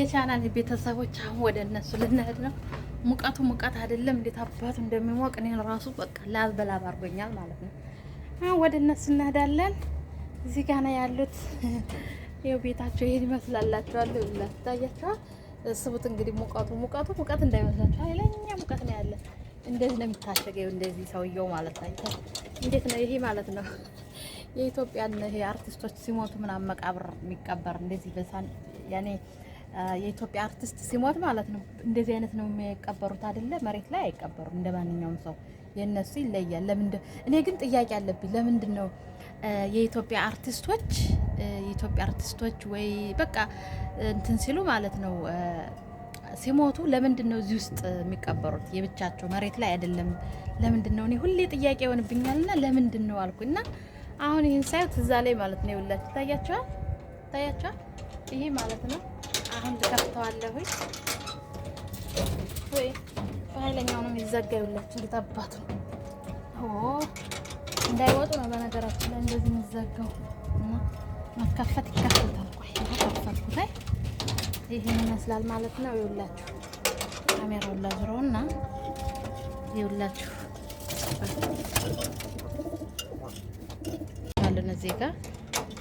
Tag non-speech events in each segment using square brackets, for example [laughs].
የቻናል ቤተሰቦች አሁን ወደ እነሱ ልንሄድ ነው። ሙቀቱ ሙቀት አይደለም፣ እንዴት አባቱ እንደሚሞቅ እኔን ራሱ በቃ ላብ በላብ አድርጎኛል ማለት ነው። አሁን ወደ እነሱ እንሄዳለን። እዚህ ጋር ነው ያሉት። ይኸው ቤታቸው ይሄን ይመስላላቸዋል። ይታያቸዋል። እስቡት እንግዲህ ሙቀቱ ሙቀቱ ሙቀት እንዳይመስላቸው ኃይለኛ ሙቀት ነው ያለ። እንደዚህ ነው የሚታሸገው፣ እንደዚህ ሰውየው ማለት ነው። እንዴት ነው ይሄ ማለት ነው የኢትዮጵያን ይሄ አርቲስቶች ሲሞቱ ምናምን መቃብር የሚቀበር እንደዚህ በሳን ያኔ የኢትዮጵያ አርቲስት ሲሞት ማለት ነው እንደዚህ አይነት ነው የሚቀበሩት አይደለ? መሬት ላይ አይቀበሩም እንደ ማንኛውም ሰው። የእነሱ ይለያል። ለምንድን እኔ ግን ጥያቄ አለብኝ። ለምንድን ነው የኢትዮጵያ አርቲስቶች የኢትዮጵያ አርቲስቶች ወይ በቃ እንትን ሲሉ ማለት ነው ሲሞቱ ለምንድን ነው እዚህ ውስጥ የሚቀበሩት? የብቻቸው መሬት ላይ አይደለም። ለምንድን ነው እኔ ሁሌ ጥያቄ ይሆንብኛልና ለምንድን ነው አልኩና አሁን ይህን ሳይት እዛ ላይ ማለት ነው ይውላችሁ ይታያቸዋል? ታያቸዋል ይሄ ማለት ነው አሁን ልከፍተዋለሁ። ወይ በኃይለኛው ነው የሚዘጋዩላችሁ። እንዴት አባቱ እንዳይወጡ ነው። በነገራችን ላይ እንደዚህ የሚዘጋው እና መከፈት ይከፈታል። ቆይ ከፈትኩት ላይ ይህን ይመስላል ማለት ነው። ይኸውላችሁ ካሜራው ላዙረው እና ይኸውላችሁ አሉን እዚህ ጋር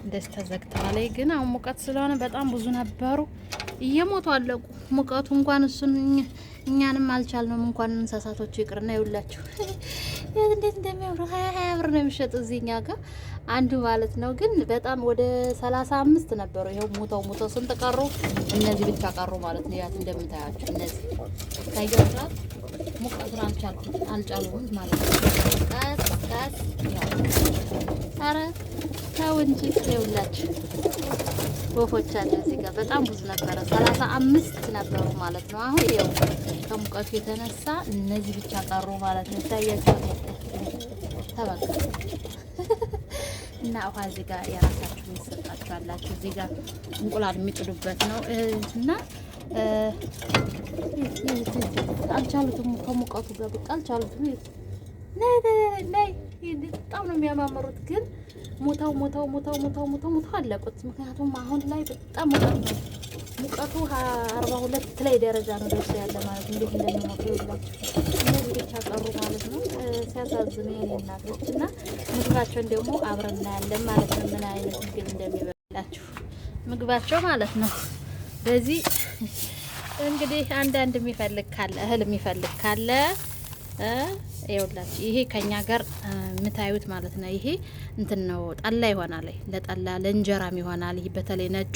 እንደዚህ ተዘግተዋል። ግን አሁን ሙቀት ስለሆነ በጣም ብዙ ነበሩ። እየሞቱ አለቁ። ሙቀቱ እንኳን እሱን እኛንም አልቻልንም። እንኳን እንስሳቶቹ ይቅርና ይውላችሁ እንዴት እንደሚያምሩ ሀያ ሀያ ብር ነው የሚሸጡ እዚህ እኛ ጋር አንዱ ማለት ነው። ግን በጣም ወደ ሰላሳ አምስት ነበሩ። ይኸው ሙተው ሙተው ስንት ቀሩ? እነዚህ ብቻ ቀሩ ማለት ነው። ያት እንደምታያቸው እነዚህ ታያችኋል። ሙቀቱን አልቻል አልቻሉም ማለት ነው። ቀስ ቀስ ያው ኧረ ተው እንጂ ይውላችሁ ወፎች አለ እዚህ ጋር በጣም ብዙ ነበረ፣ ሰላሳ አምስት ነበሩ ማለት ነው። አሁን ይኸው ከሙቀቱ የተነሳ እነዚህ ብቻ ቀሩ ማለት ነው። ታያቸው ተበቃ እና ውሃ እዚህ ጋር የራሳችሁ የሚሰጣችሁ እዚህ ጋር እንቁላል የሚጥሉበት ነው እና አልቻሉትም ከሙቀቱ ጋር በቃ አልቻሉትም። ነይ ነይ ይሄ በጣም ነው የሚያማምሩት። ግን ሞታው ሞታው ሙተው ሙተው ሙተው ሙተው አለቁት። ምክንያቱም አሁን ላይ በጣም ሙቀት ነው። ሙቀቱ አርባ ሁለት ላይ ደረጃ ነው ደርሶ ያለ ማለት እንዴት እንደሚሞቱ የላቸው እነዚህ ብቻ ቀሩ ማለት ነው። ሲያሳዝኑ የኔ እናቶች እና ምግባቸውን ደግሞ አብረን እናያለን ማለት ነው። ምን አይነት ምግብ እንደሚበላቸው ምግባቸው ማለት ነው። በዚህ እንግዲህ አንዳንድ የሚፈልግ ካለ እህል የሚፈልግ ካለ ይኸውላችሁ ይሄ ከኛ ጋር የምታዩት ማለት ነው። ይሄ እንትን ነው ጠላ ይሆናል። ለጠላ ለእንጀራም ይሆናል። ይህ በተለይ ነጩ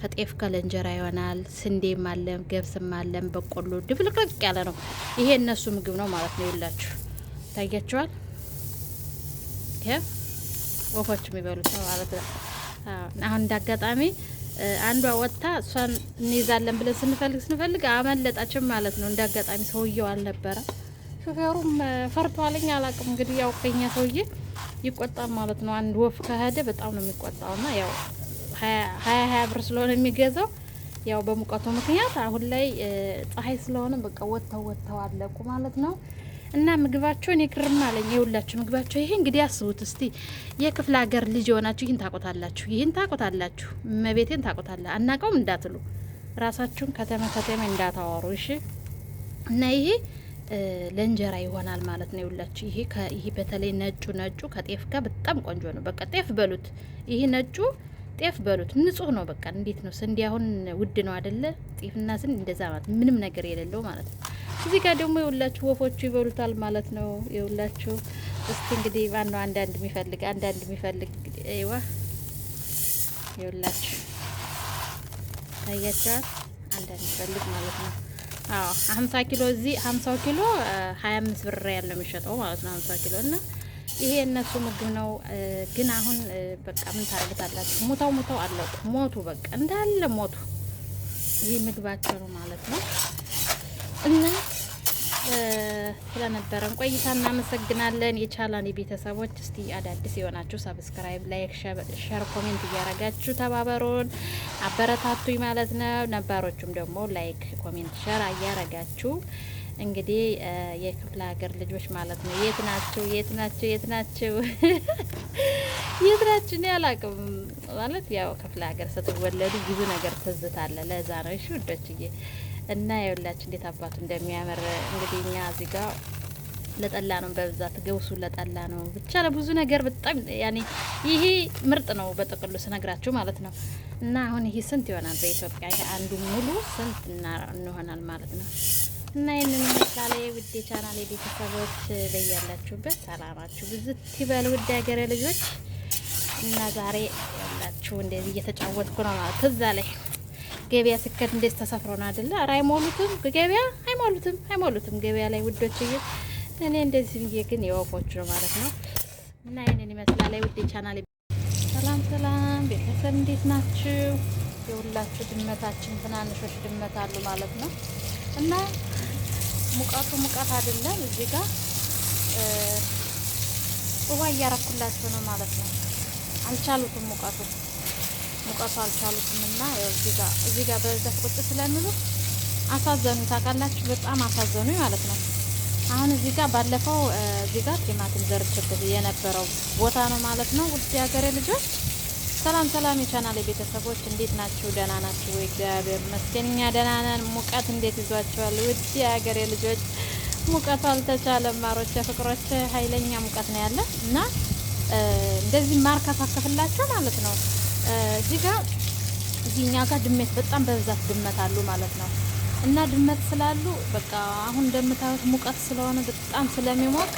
ከጤፍ ጋር ለእንጀራ ይሆናል። ስንዴም አለም፣ ገብስም አለም፣ በቆሎ ድብልቅቅ ያለ ነው። ይሄ እነሱ ምግብ ነው ማለት ነው። ይኸውላችሁ ታያችኋል። ወፎች የሚበሉት ነው ማለት ነው። አሁን እንዳጋጣሚ አንዷ ወጥታ እሷን እንይዛለን ብለን ስንፈልግ ስንፈልግ አመለጣችን ማለት ነው። እንዳጋጣሚ ሰውየው አልነበረ ሹፌሩም ፈርቷለኝ አላቅም። እንግዲህ ያው ቀኛ ሰውዬ ይቆጣል ማለት ነው። አንድ ወፍ ከሄደ በጣም ነው የሚቆጣው። ና ያው ሀያ ሀያ ብር ስለሆነ የሚገዛው ያው በሙቀቱ ምክንያት አሁን ላይ ፀሐይ ስለሆነ በቃ ወጥተው ወጥተው አለቁ ማለት ነው። እና ምግባቸውን የክርም አለኝ የሁላችሁ ምግባቸው ይሄ እንግዲህ አስቡት እስቲ የክፍለ ሀገር ልጅ የሆናችሁ ይህን ታቆታላችሁ፣ ይህን ታቆታላችሁ፣ መቤቴን ታቆታለ አናቀውም እንዳትሉ ራሳችሁን ከተማ ከተማ እንዳታወሩ እሺ። እና ይሄ ለእንጀራ ይሆናል ማለት ነው። ይውላችሁ ይሄ ይሄ በተለይ ነጩ ነጩ ከጤፍ ጋር በጣም ቆንጆ ነው። በቃ ጤፍ በሉት፣ ይሄ ነጩ ጤፍ በሉት። ንጹህ ነው። በቃ እንዴት ነው ስንዴ አሁን ውድ ነው አደለ? ጤፍና ስንዴ እንደዛ ማለት ምንም ነገር የሌለው ማለት ነው። እዚህ ጋር ደግሞ የውላችሁ ወፎቹ ይበሉታል ማለት ነው። የውላችሁ እስቲ እንግዲህ ማን ነው አንዳንድ የሚፈልግ አንዳንድ የሚፈልግ እንግዲህ ይዋ የውላችሁ ታያቸዋል። አንዳንድ የሚፈልግ ማለት ነው ሀምሳ ኪሎ እዚህ ሀምሳው ኪሎ ሀያ ብር ያለው የሚሸጠው ማለት ነው። ሀምሳ ኪሎ እና ይሄ እነሱ ምግብ ነው። ግን አሁን በቃ ምን ታደርጉታላችሁ? ሙተው ሙተው አለቁ። ሞቱ፣ በቃ እንዳለ ሞቱ። ይህ ምግባቸው ነው ማለት ነው እና ስለነበረን ቆይታ እናመሰግናለን። የቻላን ቤተሰቦች እስቲ አዳዲስ የሆናችሁ ሰብስክራይብ፣ ላይክ፣ ሸር፣ ኮሜንት እያረጋችሁ ተባበሩን፣ አበረታቱኝ ማለት ነው። ነባሮቹም ደግሞ ላይክ፣ ኮሜንት፣ ሸር እያረጋችሁ እንግዲህ የክፍለ ሀገር ልጆች ማለት ነው። የት ናችሁ? የት ናችሁ? የት ናችሁ? [laughs] የት ናችሁ? እኔ አላቅም ማለት ያው ክፍለ ሀገር ስትወለዱ ብዙ ነገር ትዝታለ። ለዛ ነው እሺ ውዶችዬ እና የሁላችሁ እንዴት አባቱ እንደሚያምር እንግዲህ እኛ እዚህ ጋር ለጠላ ነው በብዛት ገብሱ ለጠላ ነው ብቻ ለብዙ ነገር በጣም ያኔ ይሄ ምርጥ ነው በጥቅሉ ስነግራችሁ ማለት ነው። እና አሁን ይሄ ስንት ይሆናል በኢትዮጵያ ይሄ አንዱ ሙሉ ስንት እንሆናል ማለት ነው። እና ይህንን ምሳሌ ውድ የቻናል ቤተሰቦች በያላችሁበት ሰላማችሁ ብዙ ትበል ውድ ሀገሬ ልጆች። እና ዛሬ ያላችሁ እንደዚህ እየተጫወትኩ ነው ማለት እዛ ላይ ገበያ ስከት እንዴት ነው አይደለ? ኧረ አይሞሉትም ገበያ አይሞሉትም አይሞሉትም ገበያ ላይ ውዶች። እኔ እንደዚህ ብዬ ግን የወፎች ነው ማለት ነው። እና ይህንን ይመስላል ውዴ ቻናል። ሰላም ሰላም ቤተሰብ እንዴት ናችሁ? የሁላችሁ ድመታችን ትናንሾች ድመት አሉ ማለት ነው። እና ሙቀቱ ሙቀት አይደለም እዚህ ጋር ውሃ እያረኩላቸው ነው ማለት ነው። አልቻሉትም ሙቀቱ ሙቀቱ አልቻሉትም እና እዚህ ጋር በብዛት ቁጭ ስለሚሉ አሳዘኑ። ታውቃላችሁ፣ በጣም አሳዘኑ ማለት ነው። አሁን እዚህ ጋር ባለፈው እዚህ ጋር ቲማቲም ዘርችበት የነበረው ቦታ ነው ማለት ነው። ውድ የሀገሬ ልጆች ሰላም ሰላም፣ የቻናሌ ቤተሰቦች እንዴት ናችሁ? ደህና ናችሁ ወይ? እግዚአብሔር ይመስገን እኛ ደህና ነን። ሙቀት እንዴት ይዟችኋል? ውድ የሀገሬ ልጆች ሙቀቱ አልተቻለም። ማሮቼ ፍቅሮቼ፣ ኃይለኛ ሙቀት ነው ያለ እና እንደዚህ ማርከፋከፍላቸው ማለት ነው እዚህ ጋር ጋር ድመት በጣም በብዛት ድመት አሉ ማለት ነው። እና ድመት ስላሉ በቃ አሁን እንደምታዩት ሙቀት ስለሆነ በጣም ስለሚሞቅ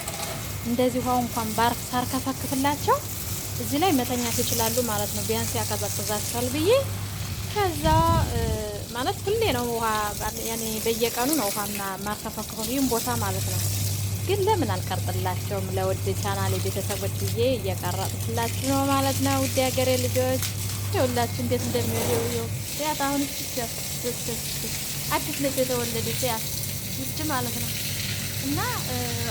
እንደዚህ ውሃ እንኳን ባርክ ሳርከፈክፍላቸው እዚህ ላይ መተኛት ይችላሉ ማለት ነው። ቢያንስ ያቀዘቅዛቸዋል ብዬ ከዛ ማለት ሁሌ ነው ውሃ በየቀኑ ነው ውሃና ማርከፈክፈው ይህም ቦታ ማለት ነው ግን ለምን አልቀርጥላቸውም? ለውድ ቻናል ቤተሰቦች ዬ እየቀረጥላችሁ ነው ማለት ነው። ውድ ሀገሬ ልጆች ሁላችሁ እንዴት እንደሚወደው ያት አሁን አዲስ ልጅ የተወለደች ያት ውጭ ማለት ነው እና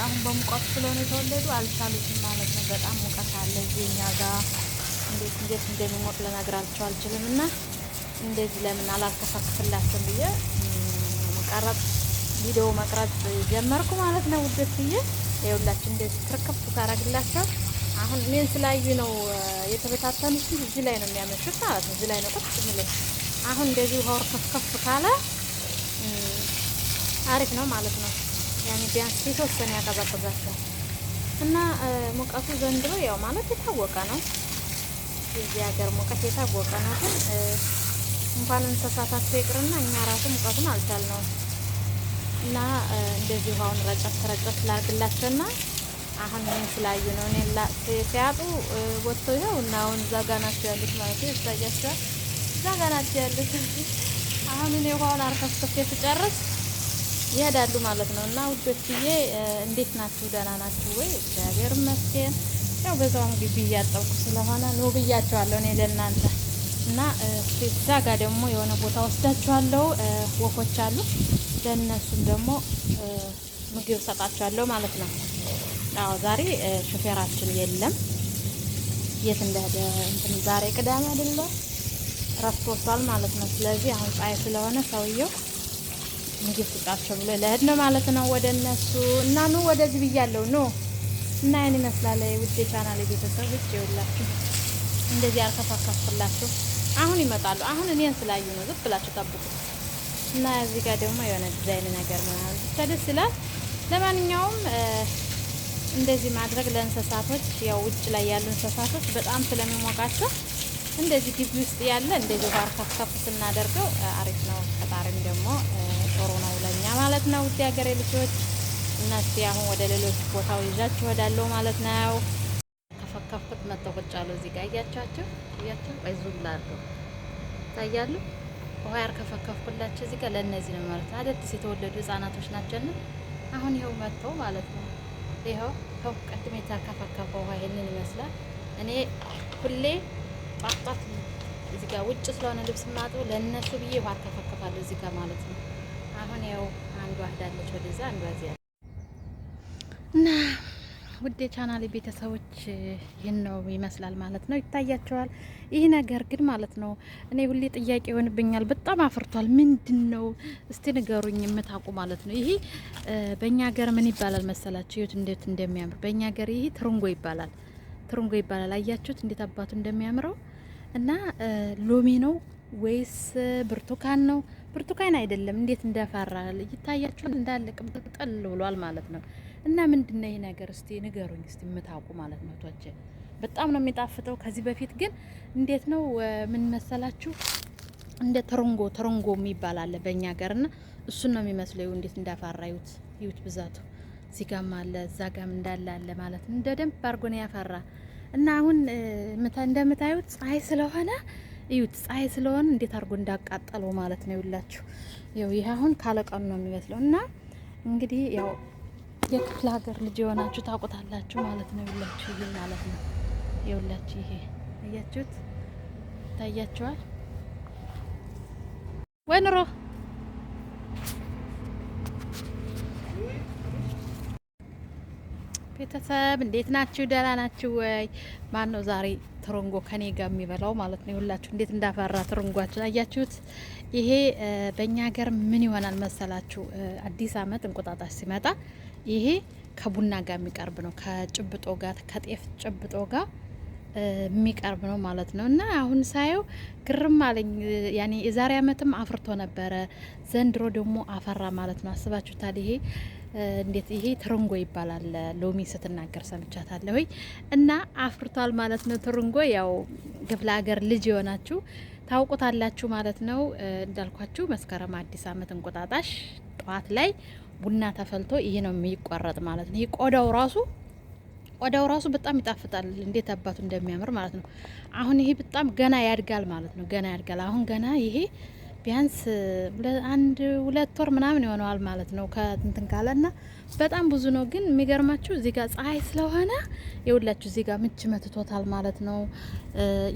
አሁን በሙቀት ስለሆነ የተወለዱ አልቻሉትም ማለት ነው። በጣም ሙቀት አለ እዚህ እኛ ጋር እንዴት እንዴት እንደሚሞቅ ልነግራቸው አልችልም። እና እንደዚህ ለምን አላልከፈክፍላቸውም ብዬ ቀረጥ ቪዲዮ መቅረጽ ጀመርኩ ማለት ነው ውዶችዬ። ይኸውላችሁ እንደዚህ ትርከብቱ ታደርግላቸው። አሁን እኔን ስላዩ ነው የተበታተኑት። እዚህ ላይ ነው የሚያመሹት ማለት ነው። እዚህ ላይ ነው ቁጭ ብሎ አሁን እንደዚህ ውሃው ከፍከፍ ካለ አሪፍ ነው ማለት ነው። ያኔ ቢያንስ የተወሰነ ያቀዛቅዛቸው እና ሙቀቱ ዘንድሮ ያው ማለት የታወቀ ነው። የዚህ ሀገር ሙቀት የታወቀ ነው። ግን እንኳን እንስሳታቸው ይቅርና እኛ ራሱ ሙቀቱን አልቻልነውም። እና እንደዚህ ውሃውን ረጨት ረጨት ላርግላቸውና አሁን ምን ስላዩ ነው እኔ ላ ሲያጡ ወጥቶ ይኸው እና አሁን እዛ ጋ ናቸው ያሉት ማለት ነው። ይታያቸዋል። እዛ ጋ ናቸው ያሉት። አሁን እኔ ውሃውን አርከፍክፌ ስጨርስ ይሄዳሉ ማለት ነው። እና ውዶችዬ እንዴት ናችሁ? ደህና ናችሁ ወይ? እግዚአብሔር ይመስገን። ያው በዛውም ግቢ እያጠብኩ ስለሆነ ነው ብያቸዋለሁ እኔ ለእናንተ እና እዛ ጋር ደግሞ የሆነ ቦታ ወስዳችኋለሁ። ወፎች አሉ። ለእነሱም ደግሞ ምግብ ሰጣችኋለሁ ማለት ነው። አዎ ዛሬ ሹፌራችን የለም። የት እንደሄደ እንትን ዛሬ ቅዳሜ አይደለ? እረፍት ወጥቷል ማለት ነው። ስለዚህ አሁን ፀሐይ ስለሆነ ሰውየው ምግብ ስጣቸው ብሎ ለእህድ ነው ማለት ነው ወደ እነሱ እና ኑ ወደዚህ ብያለሁ ኖ እና ይህን ይመስላል ውዴ ቻናል ቤተሰቦች ይኸውላችሁ እንደዚህ አልከፋከፍኩላችሁ አሁን ይመጣሉ። አሁን እኔን ስላዩ ነው። ዝም ብላችሁ ጠብቁ እና እዚህ ጋር ደግሞ የሆነ ዲዛይን ነገር ምናምን ብቻ ደስ ይላል። ለማንኛውም እንደዚህ ማድረግ ለእንስሳቶች ያው ውጭ ላይ ያሉ እንስሳቶች በጣም ስለሚሞቃቸው እንደዚህ ግቢ ውስጥ ያለ እንደዚህ ጋር ከፍ ስናደርገው አሪፍ ነው። ፈጣሪም ደግሞ ጥሩ ነው ለኛ ማለት ነው። ውድ ሀገሬ ልጆች እና እስቲ አሁን ወደ ሌሎች ቦታው ይዣችሁ ወዳለው ማለት ነው። እያፈከፍኩት መጥተው ቁጭ አለው። እዚህ ጋር እያቸዋቸው እያቸው አይዙም ላርገው ይታያሉ። ውሃ ያርከፈከፍኩላቸው እዚህ ጋር ለእነዚህ ነው ማለት ነው። አዳዲስ የተወለዱ ህጻናቶች ናቸውና አሁን ይኸው መጥተው ማለት ነው። ይኸው ከው ቀድሜ የተርከፈከፈ ውሃ ይህንን ይመስላል። እኔ ሁሌ ጧጧት እዚህ ጋር ውጭ ስለሆነ ልብስ ማጥበው ለእነሱ ብዬ ውሃ አርከፈከፋለሁ እዚህ ጋር ማለት ነው። አሁን ይኸው አንዷ ሄዳለች ወደዛ አንዷ እዚያ እና ውድ የቻናል ቤተሰቦች ይህን ነው ይመስላል ማለት ነው። ይታያቸዋል ይህ ነገር ግን ማለት ነው። እኔ ሁሌ ጥያቄ ይሆንብኛል። በጣም አፍርቷል። ምንድን ነው እስቲ ንገሩኝ የምታውቁ ማለት ነው። ይሄ በእኛ ሀገር ምን ይባላል መሰላችሁ? ይሁት እንዴት እንደሚያምር በእኛ ሀገር ይሄ ትርንጎ ይባላል። ትርንጎ ይባላል። አያችሁት እንዴት አባቱ እንደሚያምረው እና ሎሚ ነው ወይስ ብርቱካን ነው? ብርቱካን አይደለም። እንዴት እንደፈራል ይታያችኋል። እንዳለ ቅብጥል ብሏል ማለት ነው። እና ምንድን ነው ይሄ ነገር እስቲ ንገሩኝ፣ እስቲ የምታውቁ ማለት ነው። ቶቼ በጣም ነው የሚጣፍጠው። ከዚህ በፊት ግን እንዴት ነው ምን መሰላችሁ እንደ ተረንጎ ተረንጎ የሚባል አለ በእኛ ሀገር እና እሱን ነው የሚመስለው። ይኸው እንዴት እንዳፈራዩት ዩት ብዛቱ እዚህ ጋም አለ እዛ ጋም እንዳለ አለ ማለት ነው። እንደ ደንብ አድርጎ ነው ያፈራ እና አሁን እንደምታዩት ፀሐይ ስለሆነ እዩት፣ ፀሐይ ስለሆነ እንዴት አድርጎ እንዳቃጠለው ማለት ነው። ይውላችሁ ይኸው ይህ አሁን ካለቀኑ ነው የሚመስለው እና እንግዲህ ያው የክፍለ ሀገር ልጅ የሆናችሁ ታውቁታላችሁ ማለት ነው። የሁላችሁ ይሄ ማለት ነው የሁላችሁ ይሄ አያችሁት፣ ታያችኋል ወይ ኑሮ ቤተሰብ እንዴት ናችሁ? ደህና ናችሁ ወይ? ማን ነው ዛሬ ትሮንጎ ከኔ ጋር የሚበላው ማለት ነው? ሁላችሁ እንዴት እንዳፈራ ትሮንጓችን አያችሁት። ይሄ በእኛ ሀገር ምን ይሆናል መሰላችሁ? አዲስ አመት እንቁጣጣሽ ሲመጣ ይሄ ከቡና ጋር የሚቀርብ ነው። ከጭብጦ ጋር ከጤፍ ጭብጦ ጋር የሚቀርብ ነው ማለት ነው። እና አሁን ሳየው ግርም አለኝ። ያኔ የዛሬ ዓመትም አፍርቶ ነበረ፣ ዘንድሮ ደግሞ አፈራ ማለት ነው። አስባችሁታል? ይሄ እንዴት ይሄ ትርንጎ ይባላል። ሎሚ ስትናገር ሰምቻታለሁ። እና አፍርቷል ማለት ነው። ትርንጎ ያው ግብለ ሀገር ልጅ የሆናችሁ ታውቁታላችሁ ማለት ነው። እንዳልኳችሁ መስከረም አዲስ ዓመት እንቁጣጣሽ ጠዋት ላይ ቡና ተፈልቶ ይሄ ነው የሚቋረጥ ማለት ነው። ይሄ ቆዳው ራሱ ቆዳው ራሱ በጣም ይጣፍጣል። እንዴት አባቱ እንደሚያምር ማለት ነው። አሁን ይሄ በጣም ገና ያድጋል ማለት ነው። ገና ያድጋል። አሁን ገና ይሄ ቢያንስ አንድ ሁለት ወር ምናምን ይሆነዋል ማለት ነው ከእንትን ካለና በጣም ብዙ ነው። ግን የሚገርማችሁ እዚህ ጋር ፀሐይ ስለሆነ የሁላችሁ እዚህ ጋር ምች መትቶታል ማለት ነው።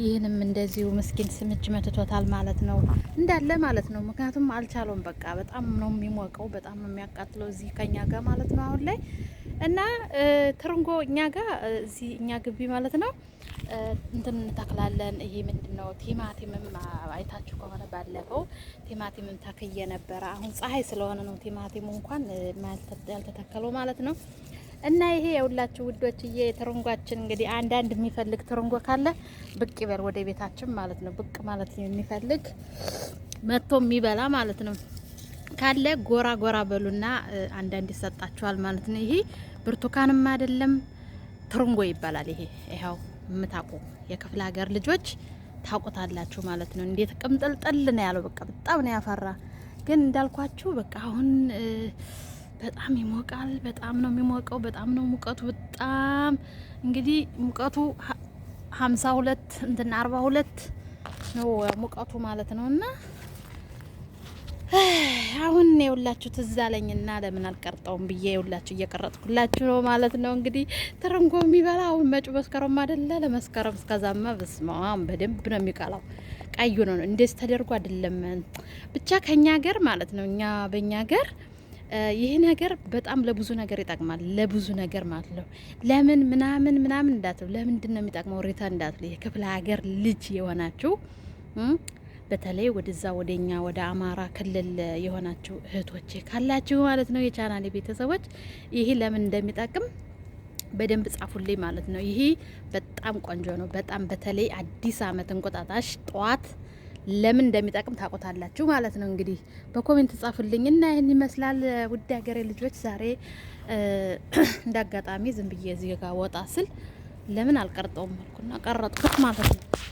ይህንም እንደዚሁ ምስኪን ምች መትቶታል ማለት ነው እንዳለ ማለት ነው። ምክንያቱም አልቻለውም። በቃ በጣም ነው የሚሞቀው፣ በጣም ነው የሚያቃጥለው እዚህ ከኛ ጋር ማለት ነው አሁን ላይ እና ትርንጎ እኛ ጋር እዚህ እኛ ግቢ ማለት ነው እንትን እንተክላለን። ይሄ ምንድን ነው? ቲማቲምም አይታችሁ ከሆነ ባለፈው ቲማቲምም ተክዬ ነበረ። አሁን ፀሐይ ስለሆነ ነው ቲማቲሙ እንኳን ያልተተከለው ማለት ነው። እና ይሄ የሁላችሁ ውዶችዬ ትርንጓችን እንግዲህ አንዳንድ የሚፈልግ ትርንጎ ካለ ብቅ ይበል ወደ ቤታችን ማለት ነው። ብቅ ማለት የሚፈልግ መጥቶ የሚበላ ማለት ነው ካለ ጎራ ጎራ በሉና አንዳንድ ይሰጣችኋል ማለት ነው። ይሄ ብርቱካንም አይደለም ትርንጎ ይባላል። ይሄ ይኸው የምታውቁ የክፍለ ሀገር ልጆች ታውቁታላችሁ ማለት ነው። እንዴት ቅምጥልጥል ነው ያለው። በቃ በጣም ነው ያፈራ። ግን እንዳልኳችሁ በቃ አሁን በጣም ይሞቃል። በጣም ነው የሚሞቀው። በጣም ነው ሙቀቱ። በጣም እንግዲህ ሙቀቱ ሀምሳ ሁለት እንትና አርባ ሁለት ነው ሙቀቱ ማለት ነው እና [sighs] አሁን የውላችሁ ትዝ አለኝና ለምን አልቀርጠውም ብዬ የውላችሁ እየቀረጥኩላችሁ ነው ማለት ነው። እንግዲህ ትርንጎ የሚበላ አሁን መጪው መስከረም አይደለ? ለመስከረም እስከዛማ በስማም በደንብ ነው የሚቀላው። ቀዩ ነው እንደዚህ ተደርጎ አይደለም። ብቻ ከኛ ሀገር ማለት ነው እኛ በእኛ ሀገር ይህ ነገር በጣም ለብዙ ነገር ይጠቅማል። ለብዙ ነገር ማለት ነው። ለምን ምናምን ምናምን እንዳትሉ፣ ለምንድን ነው የሚጠቅመው ሬታ እንዳትሉ፣ የክፍለ ሀገር ልጅ የሆናችሁ በተለይ ወደዛ ወደኛ ወደ አማራ ክልል የሆናችሁ እህቶቼ ካላችሁ ማለት ነው የቻናሌ ቤተሰቦች ይሄ ለምን እንደሚጠቅም በደንብ ጻፉልኝ ማለት ነው። ይሄ በጣም ቆንጆ ነው። በጣም በተለይ አዲስ አመት እንቁጣጣሽ ጠዋት ለምን እንደሚጠቅም ታውቁታላችሁ ማለት ነው። እንግዲህ በኮሜንት ጻፉልኝ እና ይህን ይመስላል ውድ ሀገሬ ልጆች። ዛሬ [clears throat] እንዳጋጣሚ ዝም ብዬ እዚህ ጋር ወጣ ስል ለምን አልቀርጠውም አልኩና ቀረጥኩት ማለት ነው።